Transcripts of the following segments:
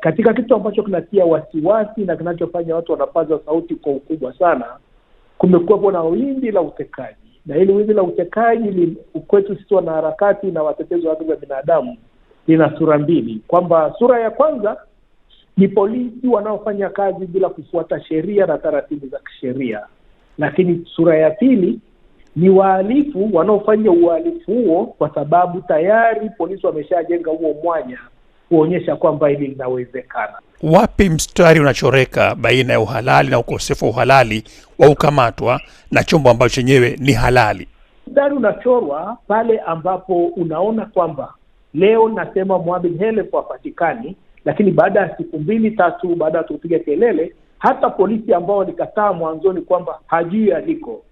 katika kitu ambacho kinatia wasiwasi na kinachofanya watu wanapaza sauti kwa ukubwa sana. Kumekuwepo na wimbi la utekaji, na hili wimbi la utekaji kwetu sisi wanaharakati na watetezi wa haki za binadamu lina sura mbili, kwamba sura ya kwanza ni polisi wanaofanya kazi bila kufuata sheria na taratibu za kisheria, lakini sura ya pili ni wahalifu wanaofanya uhalifu huo kwa sababu tayari polisi wameshajenga huo mwanya kuonyesha kwamba hili linawezekana. Wapi mstari unachoreka baina ya uhalali na ukosefu wa uhalali wa ukamatwa na chombo ambacho chenyewe ni halali? Mstari unachorwa pale ambapo unaona kwamba leo nasema Mohamed Herif hapatikani, lakini baada ya siku mbili tatu, baada ya tukupiga kelele, hata polisi ambao walikataa mwanzoni kwamba hajui aliko,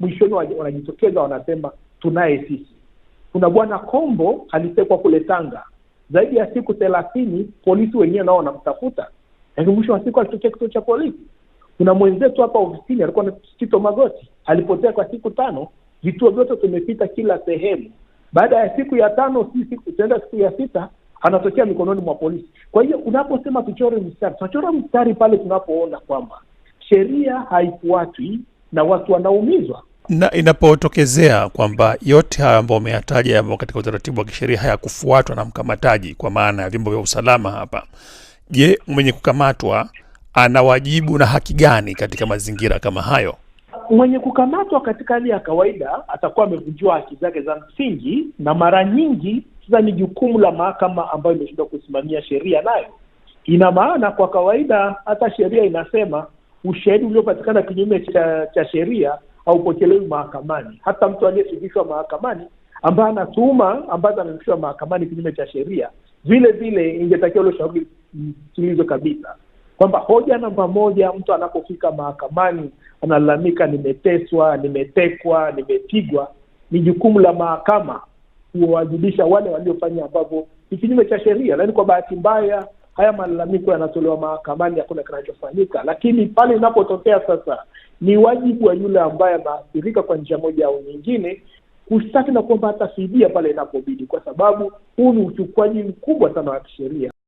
mwishoni wanajitokeza wanasema tunaye sisi. Kuna bwana Kombo alitekwa kule Tanga zaidi ya siku thelathini, polisi wenyewe nao wanamtafuta, lakini mwisho wa siku alitokea kituo cha polisi. Kuna mwenzetu hapa ofisini alikuwa na Tito Magoti, alipotea kwa siku tano. Vituo vyote tumepita kila sehemu. Baada ya siku ya tano, si siku tunaenda siku ya sita, anatokea mikononi mwa polisi. Kwa hiyo unaposema tuchore mstari, tunachora mstari pale tunapoona kwamba sheria haifuatwi na watu wanaumizwa na inapotokezea kwamba yote hayo ambayo umeyataja ambayo katika utaratibu wa kisheria hayakufuatwa na mkamataji, kwa maana ya vyombo vya usalama hapa, je, mwenye kukamatwa ana wajibu na haki gani katika mazingira kama hayo? Mwenye kukamatwa katika hali ya kawaida atakuwa amevunjiwa haki zake za msingi, na mara nyingi sasa ni jukumu la mahakama ambayo imeshindwa kusimamia sheria nayo. Ina maana kwa kawaida hata sheria inasema ushahidi uliopatikana kinyume cha, cha sheria haupokelewi mahakamani. Hata mtu aliyefikishwa mahakamani ambaye ana tuhuma ambazo amefikishwa mahakamani kinyume cha sheria, vile vile ingetakiwa hilo shauri lisikilizwe kabisa, kwamba hoja namba moja, mtu anapofika mahakamani analalamika, nimeteswa, nimetekwa, nimepigwa, ni jukumu la mahakama kuwawajibisha wale waliofanya ambavyo ni kinyume cha sheria, lakini kwa bahati mbaya haya malalamiko yanatolewa mahakamani, hakuna kinachofanyika. Lakini pale inapotokea sasa, ni wajibu wa yule ambaye anaathirika kwa njia moja au nyingine kushtaki na kwamba fidia pale inapobidi, kwa sababu huu ni uchukuaji mkubwa sana wa kisheria.